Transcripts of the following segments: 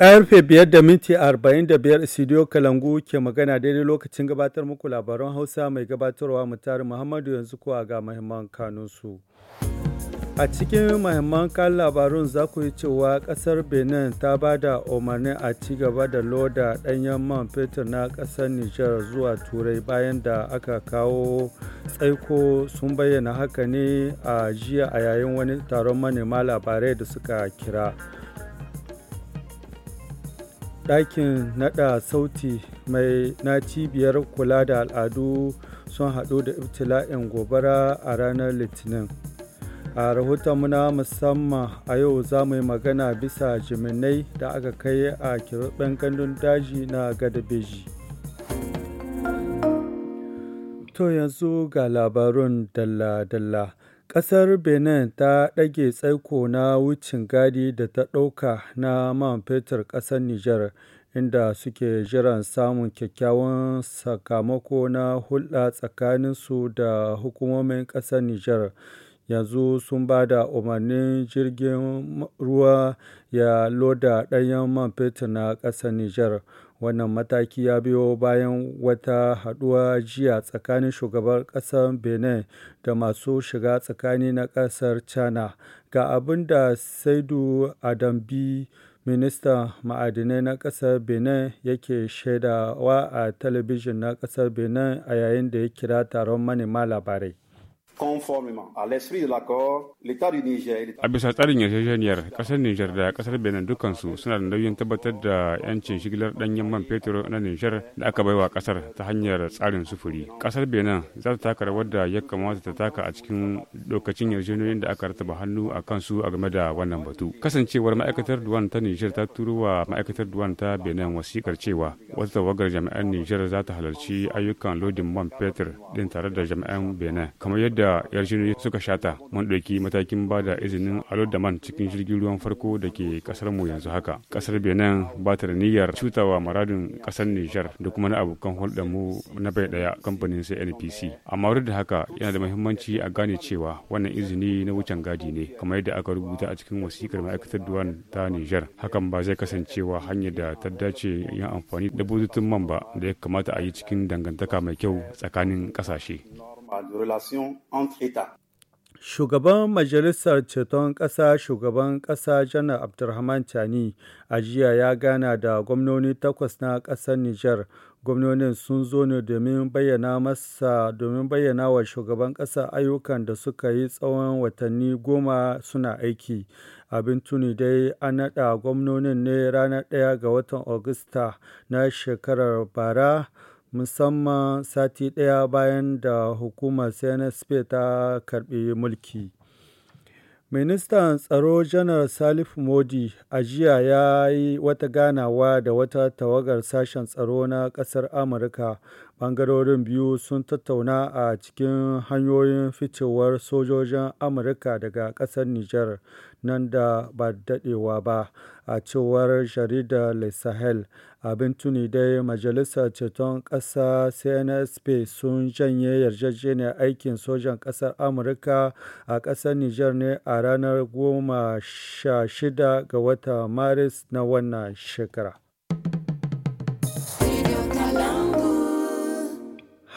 Karfe biyar da minti arba'in Isidiyo Kalangu ke magana daidai lokacin gabatar muku labaran Hausa mai gabatarwa mutari Muhammadu yanzu ko ga mahimman kanunsu. A cikin mahimman kan labarun za ku yi cewa ƙasar Benin ta ba da umarnin a ci gaba da loda ɗanyen man fetur na ƙasar Nijar zuwa Turai bayan da aka kawo tsaiko sun bayyana haka ne a jiya a yayin wani taron manema labarai da suka kira. ɗakin naɗa sauti mai na cibiyar kula da al'adu sun haɗu da ibtila'in gobara a ranar litinin a rahoton na musamman a yau za mu yi magana bisa jiminai da aka kai a kirɓen gandun daji na gadabeji to yanzu ga labarun dalla-dalla Ƙasar Benin ta ɗage tsaiko na wucin gadi da ta ɗauka na man fetur ƙasar Nijar, inda suke jiran samun kyakkyawan sakamako na hulɗa tsakaninsu da hukumomin ƙasar Nijar. yanzu sun ba da umarnin jirgin ruwa ya loda ɗanyen man fetur na ƙasar Nijar. Wannan mataki ya biyo bayan wata haɗuwa jiya tsakanin shugaban ƙasar Benin da masu shiga tsakani na ƙasar China. Ga abin da Saidu Adambi ministan ma'adinai na ƙasar benin yake shaidawa a talabijin na ƙasar benin a yayin da ya kira taron manema labarai A bisa tsarin yarjejeniyar kasar Nijar da kasar Benin dukansu suna da nauyin tabbatar da 'yancin shigilar danyen man fetur na Niger da aka baiwa kasar ta hanyar tsarin sufuri. Kasar Benin za ta taka rawar da ya kamata ta taka a cikin lokacin yarjejeniyoyin da aka rataba hannu a kansu a game da wannan batu. Kasancewar ma'aikatar Duwan ta Niger ta turo wa ma'aikatar Duwan ta Benin wasikar cewa wata tawagar jami'an Nijar za ta halarci ayyukan lodin man fetur din tare da jami'an Benin kamar yadda da yarjejeniyoyi suka shata mun ɗauki matakin ba da izinin man cikin jirgin ruwan farko da ke ƙasar mu yanzu haka ƙasar benin ba ta da niyyar cutawa maradin ƙasar niger da kuma na abokan hulɗar mu na bai ɗaya kamfanin cnpc amma duk da haka yana da muhimmanci a gane cewa wannan izini na wucin gadi ne kamar yadda aka rubuta a cikin wasikar ma'aikatar duwan ta niger hakan ba zai kasancewa hanyar da ta dace yin amfani da bututun man ba da ya kamata a yi cikin dangantaka mai kyau tsakanin ƙasashe. de relation entre États. Shugaban Majalisar Ceton Ƙasa Shugaban Ƙasa Janar Abdulrahman Tani a jiya ya gana da gwamnoni takwas na ƙasar Nijar. Gwamnonin sun zo ne domin bayyana masa domin bayyana wa shugaban ƙasa ayyukan da suka yi tsawon watanni goma suna aiki. Abin tuni dai an naɗa gwamnonin ne ranar ɗaya ga watan Agusta na shekarar bara. musamman sati ɗaya bayan da hukumar CNSP ta karɓi mulki. Ministan Tsaro Janar Salif Modi a jiya ya yi wata ganawa da wata tawagar sashen tsaro na ƙasar Amurka bangarorin biyu sun tattauna a cikin hanyoyin ficewar sojojin Amurka daga ƙasar niger nan da ba daɗewa ba, a cewar jaridar Le Sahel. Abin tuni dai Majalisar Ceton Ƙasa (CNSP) sun janye yarjejeniyar aikin sojan ƙasar Amurka a ƙasar niger ne a ranar goma sha shida ga wata Maris na wannan shekara.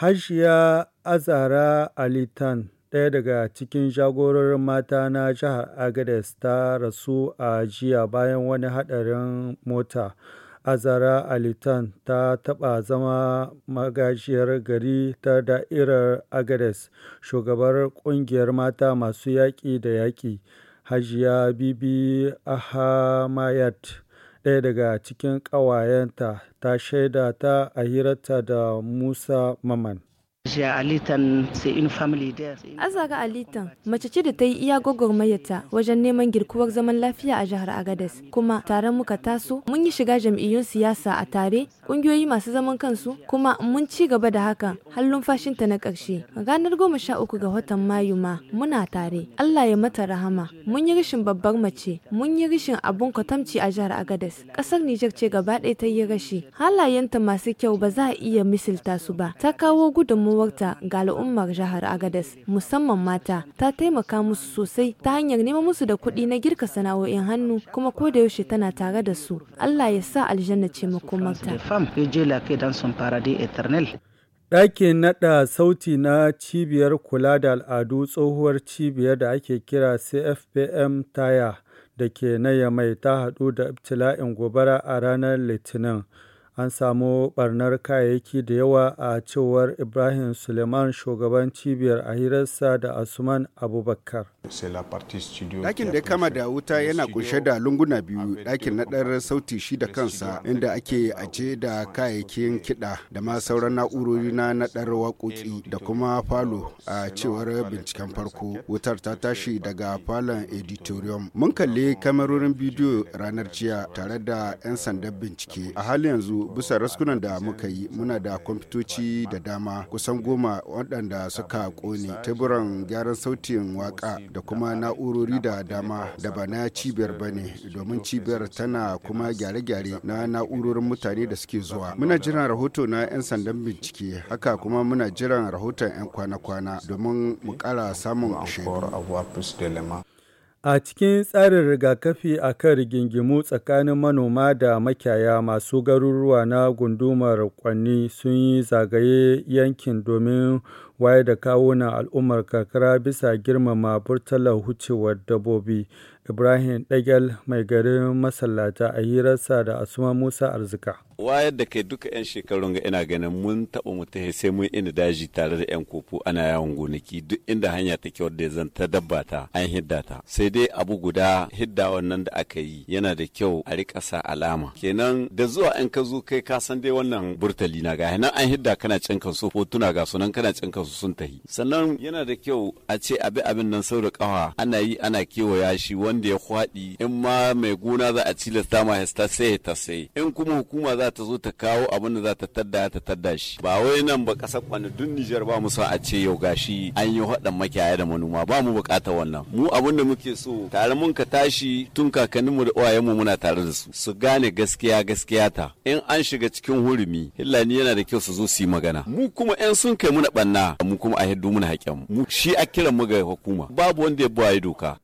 Hajiya Azara alitan ɗaya daga cikin jagororin mata na Jihar Agadez ta rasu a jiya bayan wani haɗarin mota. Azara alitan ta taɓa zama magajiyar gari ta da'irar Agadez, shugabar ƙungiyar mata masu yaƙi da yaƙi. Hajiya Bibi Ahmayad ɗaya daga cikin ƙawayenta ta shaida ta a hirarta da Musa Maman. Azaga Alitan mace ce da ta yi iya gwagwarmayarta wajen neman girkuwar zaman lafiya a jihar Agadez kuma tare muka taso mun yi shiga jam'iyyun siyasa a tare Ƙungiyoyi masu zaman kansu kuma mun ci gaba da hakan har lumfashinta na ƙarshe ranar goma sha uku ga watan Mayu ma muna tare Allah ya mata rahama mun yi rashin babbar mace mun yi rashin abun kwatamci a jihar Agadez ƙasar Nijar ce gaba ɗaya ta yi rashi halayenta masu kyau ba za a iya misilta su ba ta kawo gudunmu gudunmuwarta ga al'ummar jihar Agadez musamman mata ta taimaka musu sosai ta hanyar neman musu da kuɗi na girka sana'o'in hannu kuma ko da yaushe tana tare da su. Allah ya sa aljanna ce makomarta. Ɗakin naɗa sauti na cibiyar kula da al'adu tsohuwar cibiyar da ake kira CFPM Taya da ke na Yamai ta haɗu da ibtila'in gobara a ranar Litinin. an samu barnar kayayyaki da yawa a cewar ibrahim suleiman shugaban cibiyar a hirarsa da asuman abubakar ɗakin da kama da wuta yana kunshe da lunguna biyu ɗakin naɗar sauti shi da kansa inda ake aje da kayayyakin kiɗa da ma sauran na'urori na naɗar waƙoƙi da kuma falo a cewar binciken farko wutar ta tashi daga falon editorium mun kalli kamarorin bidiyo ranar jiya tare da 'yan sandan bincike a halin yanzu bisa raskunan da muka yi muna da kwamfutoci da dama kusan goma waɗanda suka ƙone teburan gyaran sautin waƙa da kuma na'urori da dama da ba na cibiyar ba ne domin cibiyar tana kuma gyare-gyare na na'urorin mutane da suke zuwa muna jiran rahoto na 'yan sandan bincike haka kuma muna jiran rahoton 'yan kwana-kwana domin mu ƙara samun shaidu A cikin tsarin rigakafi a kan rigingimu tsakanin manoma da makiyaya, masu garuruwa na Gundumar Kwanni sun yi zagaye yankin domin waye da na al'ummar karkara bisa girmama burtalar hucewar dabbobi ibrahim dagel mai garin masallata a hirarsa da asuma musa arzika wayar da kai duka 'yan shekarun ga ina ganin mun taɓa mutu sai mun ina daji tare da 'yan kofu ana yawon gonaki duk inda hanya take wadda zan ta dabba ta an hidda ta sai dai abu guda hidda wannan da aka yi yana da kyau a riƙa sa alama kenan da zuwa in ka zo kai ka san dai wannan burtali na ga nan an hidda kana cinkan su hotuna ga sunan kana cinkan su sun tahi sannan yana da kyau a ce abi abin nan sau da kawa ana yi ana kewaya shi wanda ya kwaɗi in ma mai gona za a tilasta ma sa sai ta sai in kuma hukuma za ta zo ta kawo abin da za ta tadda ta tadda shi ba wai nan ba ƙasar kwani dun Nijar ba mu sa a ce yau gashi an yi haɗan makiyaya da manoma ba mu bukata wannan mu abin da muke so tare mun ka tashi tun kakanninmu da uwayenmu muna tare da su su gane gaskiya gaskiya ta in an shiga cikin hurumi hillani yana da kyau su zo su yi magana mu kuma 'yan sun kai muna ɓanna. mu kuma a yadda muna haƙƙin mu shi a kiran mu ga hukuma babu wanda ya buwaye doka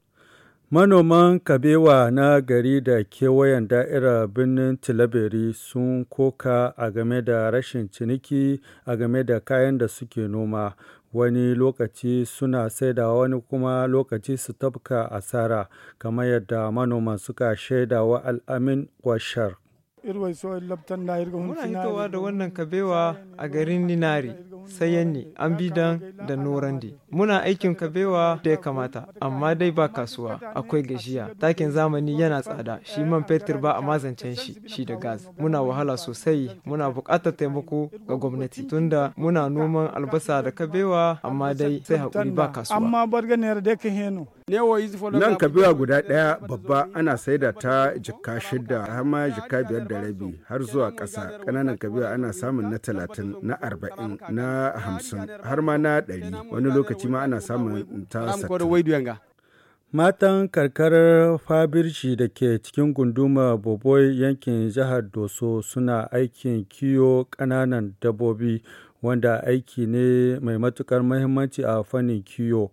Manoman kabewa na gari da kewayen da'ira birnin Tilaberi sun koka a game da rashin ciniki a game da kayan da suke noma. Wani lokaci suna saida wani kuma lokaci su tafka asara, kamar yadda manoman suka shaida wa al'amin washar. Muna hitowa da wannan kabewa a garin Ninari. sayanni an bi dan da norandi muna aikin kabewa da ya kamata amma dai ba kasuwa akwai gajiya takin zamani yana tsada shi man fetur ba a mazancen shi shi da gas muna wahala sosai muna buƙatar taimako ga gwamnati tunda muna noman albasa da kabewa amma dai sai hakuri ba kasuwa amma barganiyar da heno Nan kabewa guda ɗaya babba ana saida ta jika shida har ma jikka biyar da rabi har zuwa ƙasa. Ƙananan kabewa ana samun na talatin, na arba'in, na hamsin, har ma na ɗari. Wani lokaci ma ana samun ta sattin. Matan karkarar Fabirci da ke cikin gunduma Boboi yankin jihar Doso suna aikin kiyo ƙananan dabbobi wanda aiki ne mai matuƙar muhimmanci a fannin kiyo.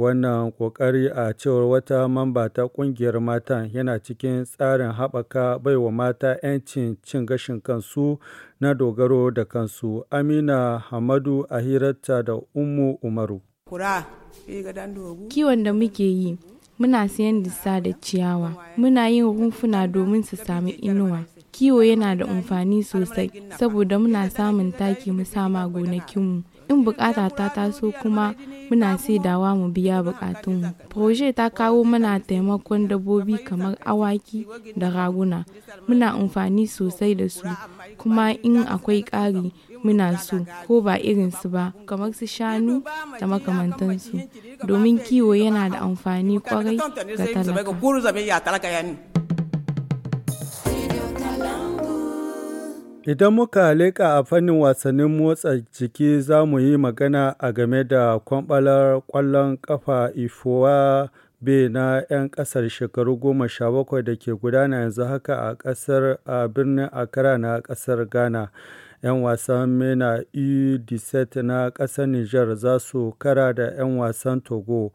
Wannan ƙoƙari, a cewar wata mamba ta ƙungiyar mata yana cikin tsarin haɓaka baiwa mata 'yancin cin gashin kansu na dogaro da kansu. Amina Hamadu a hirarta da umu Umaru. Kiwon da muke yi, muna sayan dissa da ciyawa, muna yin rumfuna domin su sami inuwa. Kiwo yana da amfani sosai saboda muna samun taki mu sama gonakinmu. in bukata ta taso kuma muna saidawa mu biya bukatun mu proje ta kawo mana taimakon dabbobi kamar awaki da raguna muna amfani sosai da su kuma in akwai ƙari muna so ko ba irinsu ba kamar su shanu da makamantansu domin kiwo yana da amfani kwarai ga talaka Idan muka leƙa a fannin wasannin motsa jiki za mu yi magana a game da kwamɓalar ƙwallon ƙafa be na 'yan ƙasar shekaru goma sha bakwai da ke gudana yanzu haka a birnin Accra na ƙasar Ghana. 'Yan wasan MENA e na ƙasar Nijar za su kara da 'yan wasan Togo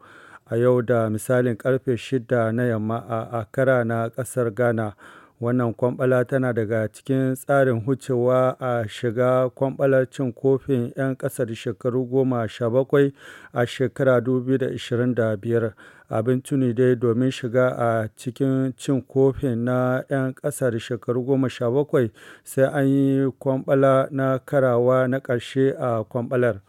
a yau da misalin karfe 6 na yamma a Accra na ƙasar Ghana. Wannan kwambala tana daga cikin tsarin hucewa a shiga kwamɓalar cin kofin 'yan kasar shekaru goma sha bakwai a shekara 2025. Abin tuni dai domin shiga a cikin cin kofin na 'yan kasar shekaru goma sha bakwai sai an yi kwambala na karawa na ƙarshe a kwamɓalar.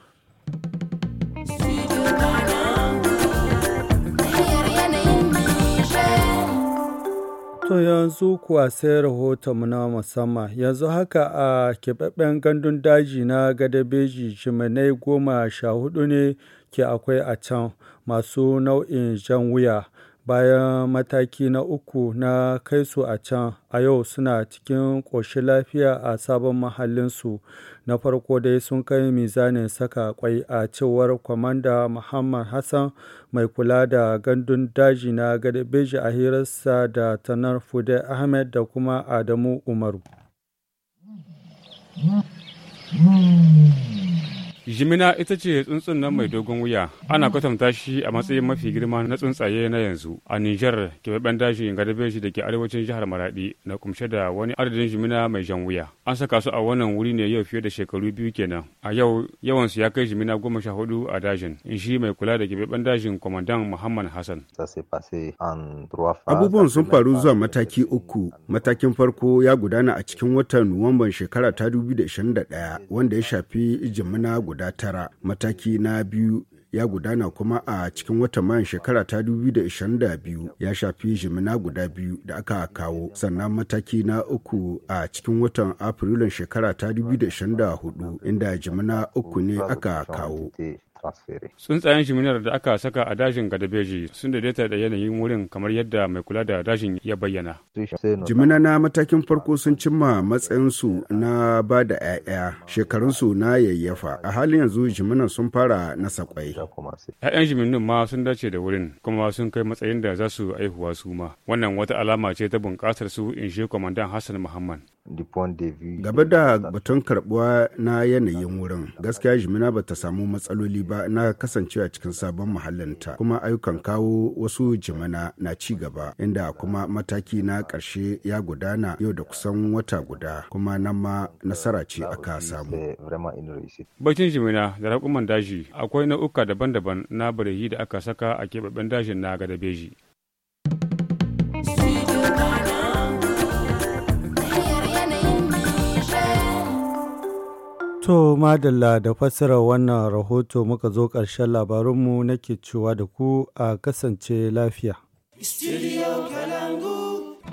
To yanzu kuwa sai rahotonmu na musamman, yanzu haka a keɓaɓɓen gandun daji na Gadabeji jimanai goma sha hudu ne ke akwai a can masu nau'in jan wuya bayan mataki na uku na kai su a can a yau suna cikin ƙoshin lafiya a sabon mahallinsu na farko dai sun kai mizanin saka kwai a cewar kwamanda muhammad hassan mai kula da gandun daji na garbeji a hirarsa da tanar fude ahmed da kuma adamu umaru Jimina ita ce tsuntsun nan mai dogon wuya. Ana kwatanta shi a matsayin mafi girma na tsuntsaye na yanzu. A Nijar, keɓaɓɓen daji Gadabeji da ke arewacin jihar maraɗi na kumshe da wani adadin jimina mai jan wuya. An saka su a wannan wuri ne yau fiye da shekaru biyu kenan. A yau yawan su ya kai jimina goma sha hudu a dajin. In shi mai kula da keɓaɓɓen dajin kwamandan Muhammad Hassan. Abubuwan sun faru zuwa mataki euh, uku. Matakin farko ya gudana a cikin watan Nuwamban shekara ta 2021 wanda ya shafi jimina guda guda tara mataki na biyu ya gudana kuma a cikin watan mayan shekara ta 2022 ya shafi jimina guda biyu da aka kawo sannan mataki na uku a cikin watan afrilun shekara ta 2024 inda jimina uku ne aka kawo Tsuntsayen jiminar da aka saka a dajin Gadabeji sun daidaita da yanayin wurin kamar yadda mai kula da dajin ya bayyana. Jimina na matakin farko sun cimma matsayinsu na ba da 'ya'ya shekarunsu na yayyafa a halin yanzu jiminan sun fara na sakwai. 'Ya'yan jiminin ma sun dace da wurin kuma sun kai matsayin da za su haihuwa su ma. Wannan wata alama ce ta bunƙasar su in shi kwamandan Hassan Muhammad. Gaba da batun karbuwa na yanayin wurin, gaskiya Jimina bata samu matsaloli ba na kasance a cikin sabon mahallinta kuma ayyukan kawo wasu Jimina na ci gaba inda kuma mataki na ƙarshe ya gudana yau da kusan wata guda kuma nan ma nasara ce aka samu. Bakin Jimina da raƙuman daji akwai nau'uka daban-daban na barehi da aka saka a keɓaɓɓen dajin na dabeji. To madalla da fassarar wannan rahoto muka zo ƙarshen labarunmu nake cewa da ku a kasance lafiya.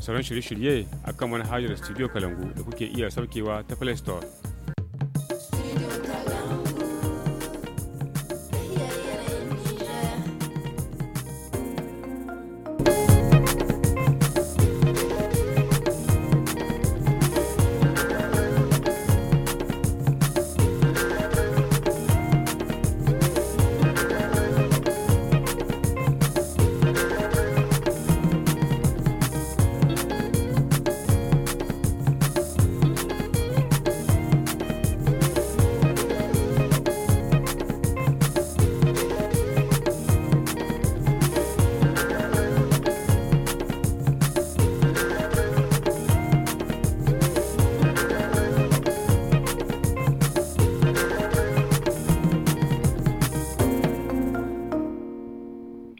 sauran shirye-shirye a kan manhajar studio kalangu da kuke iya saukewa ta play store